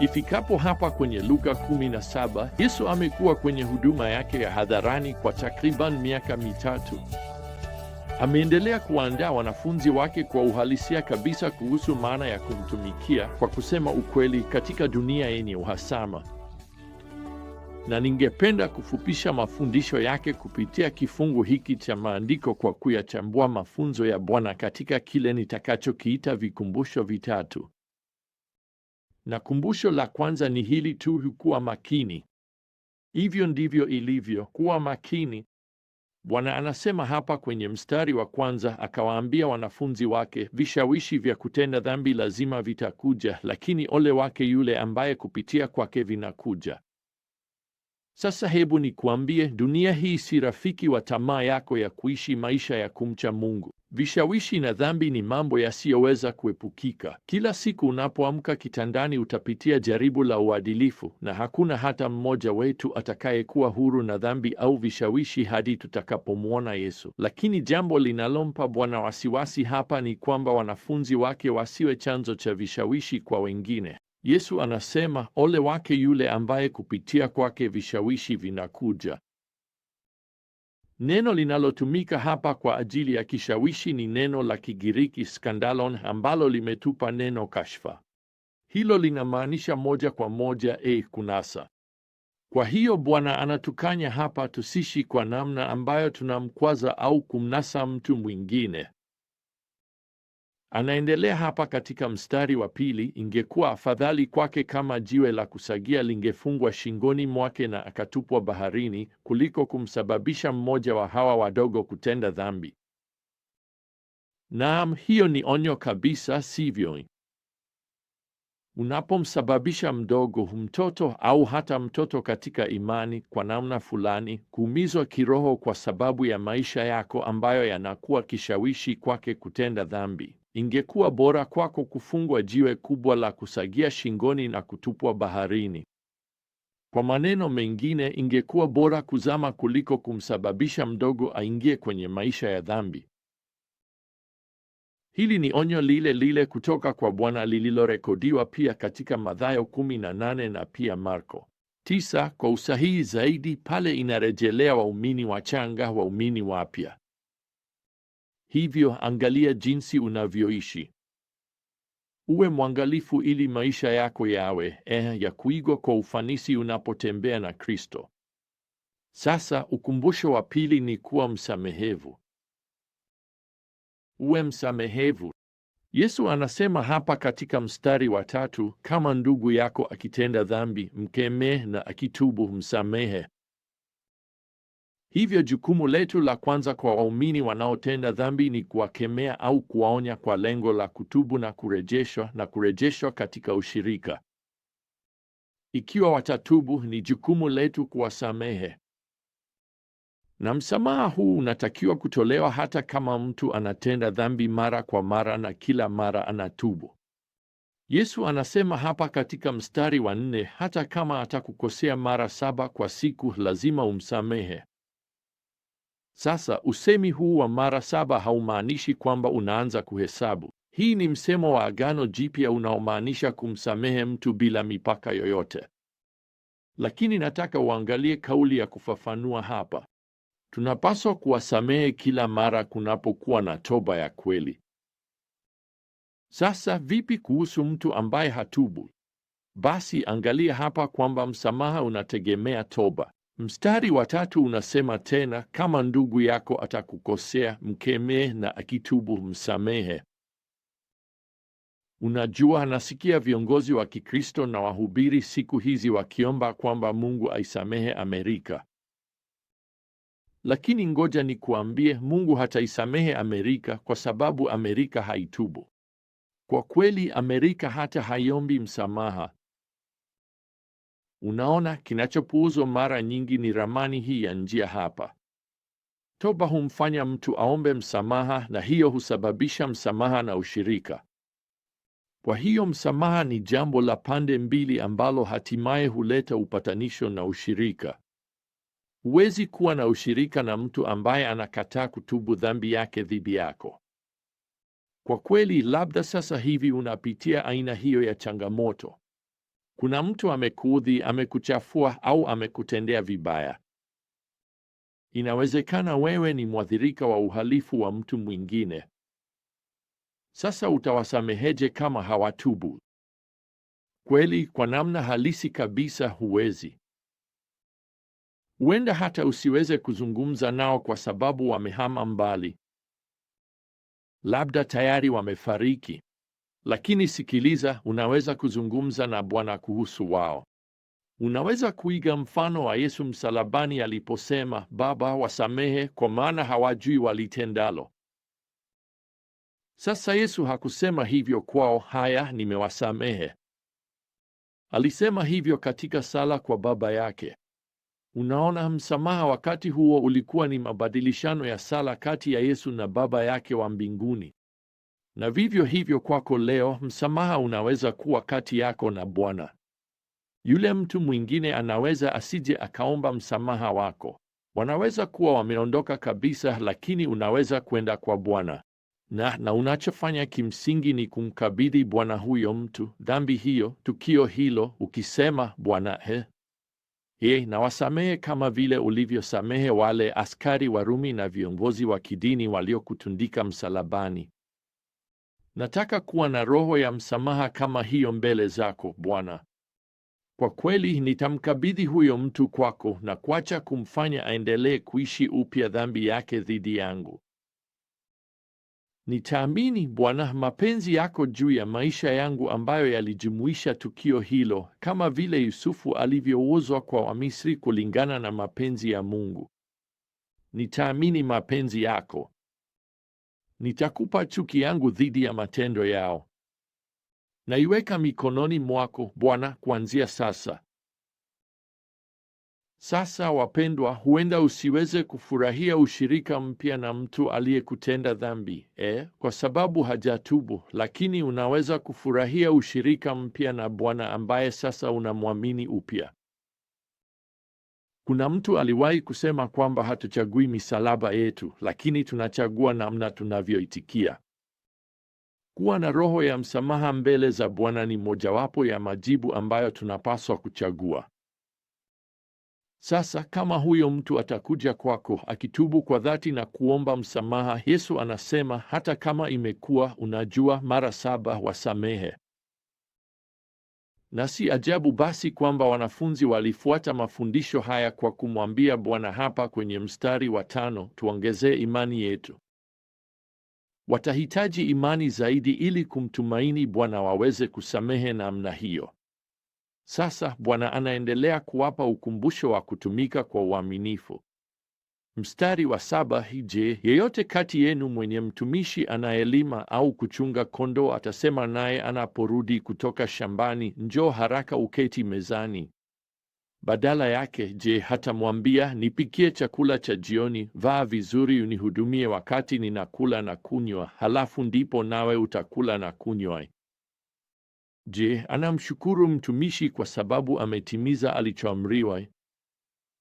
Ifikapo hapa kwenye Luka 17, Yesu amekuwa kwenye huduma yake ya hadharani kwa takriban miaka mitatu. Ameendelea kuandaa wanafunzi wake kwa uhalisia kabisa kuhusu maana ya kumtumikia kwa kusema ukweli katika dunia yenye uhasama. Na ningependa kufupisha mafundisho yake kupitia kifungu hiki cha maandiko kwa kuyachambua mafunzo ya Bwana katika kile nitakachokiita vikumbusho vitatu. Na kumbusho la kwanza ni hili tu, kuwa makini. Hivyo ndivyo ilivyo, kuwa makini. Bwana anasema hapa kwenye mstari wa kwanza, akawaambia wanafunzi wake, vishawishi vya kutenda dhambi lazima vitakuja, lakini ole wake yule ambaye kupitia kwake vinakuja. Sasa hebu nikwambie, dunia hii si rafiki wa tamaa yako ya kuishi maisha ya kumcha Mungu. Vishawishi na dhambi ni mambo yasiyoweza kuepukika. Kila siku unapoamka kitandani, utapitia jaribu la uadilifu, na hakuna hata mmoja wetu atakayekuwa huru na dhambi au vishawishi hadi tutakapomwona Yesu. Lakini jambo linalompa Bwana wasiwasi hapa ni kwamba wanafunzi wake wasiwe chanzo cha vishawishi kwa wengine. Yesu anasema ole wake yule ambaye kupitia kwake vishawishi vinakuja. Neno linalotumika hapa kwa ajili ya kishawishi ni neno la Kigiriki skandalon, ambalo limetupa neno kashfa. Hilo linamaanisha moja kwa moja e, kunasa. Kwa hiyo Bwana anatukanya hapa tusishi kwa namna ambayo tunamkwaza au kumnasa mtu mwingine. Anaendelea hapa katika mstari wa pili, ingekuwa afadhali kwake kama jiwe la kusagia lingefungwa shingoni mwake na akatupwa baharini kuliko kumsababisha mmoja wa hawa wadogo kutenda dhambi. Naam, hiyo ni onyo kabisa, sivyo? Unapomsababisha mdogo, mtoto au hata mtoto katika imani, kwa namna fulani, kuumizwa kiroho kwa sababu ya maisha yako ambayo yanakuwa kishawishi kwake kutenda dhambi. Ingekuwa bora kwako kufungwa jiwe kubwa la kusagia shingoni na kutupwa baharini. Kwa maneno mengine, ingekuwa bora kuzama kuliko kumsababisha mdogo aingie kwenye maisha ya dhambi. Hili ni onyo lile lile kutoka kwa Bwana lililorekodiwa pia katika Mathayo 18 na pia Marko 9 kwa usahihi zaidi. Pale inarejelea waumini wachanga, waumini wapya Hivyo angalia jinsi unavyoishi, uwe mwangalifu ili maisha yako yawe eh, ya kuigwa kwa ufanisi unapotembea na Kristo. Sasa ukumbusho wa pili ni kuwa msamehevu. Uwe msamehevu. Yesu anasema hapa katika mstari wa tatu, kama ndugu yako akitenda dhambi, mkemee na akitubu, msamehe. Hivyo jukumu letu la kwanza kwa waumini wanaotenda dhambi ni kuwakemea au kuwaonya kwa lengo la kutubu na kurejeshwa na kurejeshwa katika ushirika. Ikiwa watatubu, ni jukumu letu kuwasamehe. Na msamaha huu unatakiwa kutolewa hata kama mtu anatenda dhambi mara kwa mara na kila mara anatubu. Yesu anasema hapa katika mstari wa nne, hata kama atakukosea mara saba kwa siku, lazima umsamehe. Sasa usemi huu wa mara saba haumaanishi kwamba unaanza kuhesabu. Hii ni msemo wa Agano Jipya unaomaanisha kumsamehe mtu bila mipaka yoyote. Lakini nataka uangalie kauli ya kufafanua hapa. Tunapaswa kuwasamehe kila mara kunapokuwa na toba ya kweli. Sasa vipi kuhusu mtu ambaye hatubu? Basi angalia hapa kwamba msamaha unategemea toba. Mstari wa tatu unasema tena, kama ndugu yako atakukosea, mkemee na akitubu, msamehe. Unajua, anasikia viongozi wa Kikristo na wahubiri siku hizi wakiomba kwamba Mungu aisamehe Amerika. Lakini ngoja nikuambie, Mungu hataisamehe Amerika kwa sababu Amerika haitubu. Kwa kweli, Amerika hata haiombi msamaha. Unaona, kinachopuuzwa mara nyingi ni ramani hii ya njia hapa. Toba humfanya mtu aombe msamaha, na hiyo husababisha msamaha na ushirika. Kwa hiyo msamaha ni jambo la pande mbili ambalo hatimaye huleta upatanisho na ushirika. Huwezi kuwa na ushirika na mtu ambaye anakataa kutubu dhambi yake dhidi yako. Kwa kweli, labda sasa hivi unapitia aina hiyo ya changamoto kuna mtu amekuudhi, amekuchafua au amekutendea vibaya. Inawezekana wewe ni mwathirika wa uhalifu wa mtu mwingine. Sasa utawasameheje kama hawatubu? Kweli, kwa namna halisi kabisa, huwezi. Huenda hata usiweze kuzungumza nao kwa sababu wamehama mbali, labda tayari wamefariki. Lakini sikiliza, unaweza kuzungumza na Bwana kuhusu wao. Unaweza kuiga mfano wa Yesu msalabani aliposema, Baba, wasamehe kwa maana hawajui walitendalo. Sasa Yesu hakusema hivyo kwao, haya, nimewasamehe. Alisema hivyo katika sala kwa Baba yake. Unaona, msamaha wakati huo ulikuwa ni mabadilishano ya sala kati ya Yesu na Baba yake wa mbinguni. Na vivyo hivyo kwako leo, msamaha unaweza kuwa kati yako na Bwana. Yule mtu mwingine anaweza asije akaomba msamaha wako. Wanaweza kuwa wameondoka kabisa, lakini unaweza kwenda kwa Bwana na na unachofanya kimsingi ni kumkabidhi Bwana huyo mtu dhambi hiyo, tukio hilo, ukisema Bwana, he ye nawasamehe kama vile ulivyosamehe wale askari Warumi na viongozi wa kidini waliokutundika msalabani. Nataka kuwa na roho ya msamaha kama hiyo mbele zako Bwana. Kwa kweli nitamkabidhi huyo mtu kwako na kuacha kumfanya aendelee kuishi upya dhambi yake dhidi yangu. Nitaamini Bwana, mapenzi yako juu ya maisha yangu ambayo yalijumuisha tukio hilo, kama vile Yusufu alivyouzwa kwa Wamisri kulingana na mapenzi ya Mungu. Nitaamini mapenzi yako. Nitakupa chuki yangu dhidi ya matendo yao. Naiweka mikononi mwako Bwana kuanzia sasa. Sasa wapendwa, huenda usiweze kufurahia ushirika mpya na mtu aliyekutenda dhambi e, kwa sababu hajatubu, lakini unaweza kufurahia ushirika mpya na Bwana ambaye sasa unamwamini upya. Kuna mtu aliwahi kusema kwamba hatuchagui misalaba yetu, lakini tunachagua namna tunavyoitikia. Kuwa na roho ya msamaha mbele za Bwana ni mojawapo ya majibu ambayo tunapaswa kuchagua. Sasa kama huyo mtu atakuja kwako akitubu kwa dhati na kuomba msamaha, Yesu anasema hata kama imekuwa unajua mara saba, wasamehe. Na si ajabu basi kwamba wanafunzi walifuata mafundisho haya kwa kumwambia Bwana hapa kwenye mstari wa tano, tuongezee imani yetu. Watahitaji imani zaidi ili kumtumaini Bwana waweze kusamehe namna hiyo. Sasa Bwana anaendelea kuwapa ukumbusho wa kutumika kwa uaminifu. Mstari wa saba hije, yeyote kati yenu mwenye mtumishi anayelima au kuchunga kondoo atasema naye anaporudi kutoka shambani, njoo haraka uketi mezani. Badala yake, je, hatamwambia nipikie chakula cha jioni, vaa vizuri, unihudumie wakati ninakula na kunywa, halafu ndipo nawe utakula na kunywa? Je, anamshukuru mtumishi kwa sababu ametimiza alichoamriwa?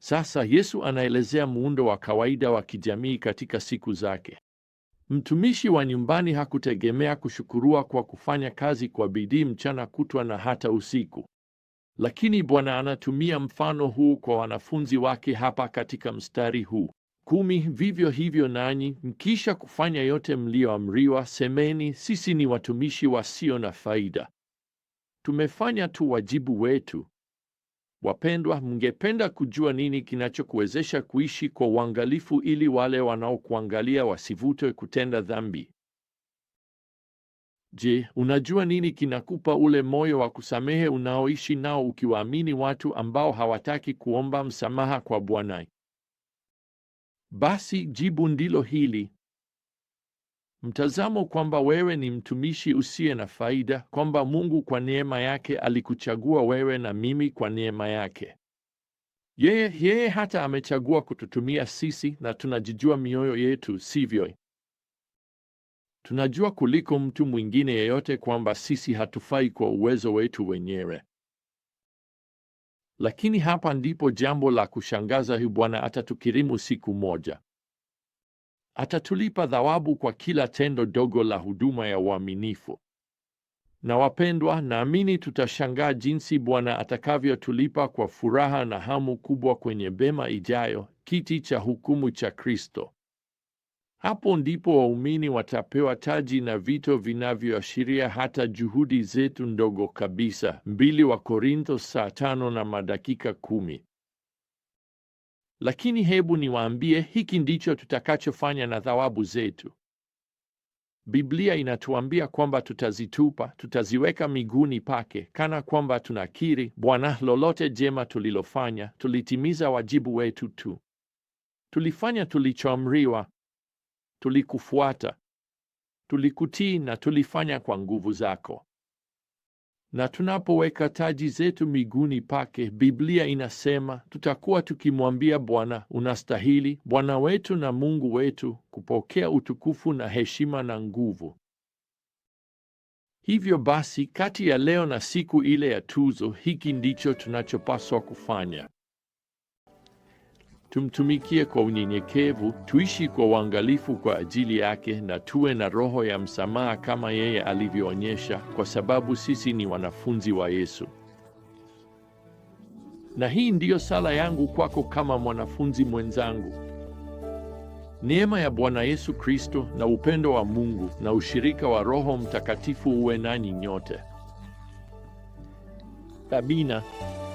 Sasa Yesu anaelezea muundo wa kawaida wa kijamii katika siku zake. Mtumishi wa nyumbani hakutegemea kushukuruwa kwa kufanya kazi kwa bidii mchana kutwa na hata usiku. Lakini Bwana anatumia mfano huu kwa wanafunzi wake hapa katika mstari huu kumi. Vivyo hivyo nanyi mkisha kufanya yote mliyoamriwa, semeni, sisi ni watumishi wasio na faida, tumefanya tu wajibu wetu, Wapendwa, mngependa kujua nini kinachokuwezesha kuishi kwa uangalifu ili wale wanaokuangalia wasivutwe kutenda dhambi? Je, unajua nini kinakupa ule moyo wa kusamehe unaoishi nao ukiwaamini watu ambao hawataki kuomba msamaha kwa Bwana? Basi jibu ndilo hili mtazamo kwamba wewe ni mtumishi usiye na faida, kwamba Mungu kwa neema yake alikuchagua wewe na mimi kwa neema yake. Yeye yeye hata amechagua kututumia sisi, na tunajijua mioyo yetu, sivyo? Tunajua kuliko mtu mwingine yeyote kwamba sisi hatufai kwa uwezo wetu wenyewe. Lakini hapa ndipo jambo la kushangaza: Bwana atatukirimu siku moja atatulipa dhawabu kwa kila tendo dogo la huduma ya uaminifu. Na wapendwa, naamini tutashangaa jinsi Bwana atakavyotulipa kwa furaha na hamu kubwa kwenye bema ijayo, kiti cha hukumu cha Kristo. Hapo ndipo waumini watapewa taji na vito vinavyoashiria hata juhudi zetu ndogo kabisa. 2 wa Korintho saa tano na madakika kumi. Lakini hebu niwaambie, hiki ndicho tutakachofanya na thawabu zetu. Biblia inatuambia kwamba tutazitupa, tutaziweka miguuni pake, kana kwamba tunakiri, Bwana, lolote jema tulilofanya, tulitimiza wajibu wetu tu, tulifanya tulichoamriwa, tulikufuata, tulikutii na tulifanya kwa nguvu zako na tunapoweka taji zetu miguuni pake, Biblia inasema tutakuwa tukimwambia Bwana, unastahili Bwana wetu na Mungu wetu kupokea utukufu na heshima na nguvu. Hivyo basi, kati ya leo na siku ile ya tuzo, hiki ndicho tunachopaswa kufanya. Tumtumikie kwa unyenyekevu, tuishi kwa uangalifu kwa ajili yake, na tuwe na roho ya msamaha kama yeye alivyoonyesha, kwa sababu sisi ni wanafunzi wa Yesu. Na hii ndiyo sala yangu kwako kama mwanafunzi mwenzangu. Neema ya Bwana Yesu Kristo na upendo wa Mungu na ushirika wa Roho Mtakatifu uwe nanyi nyote. Amina.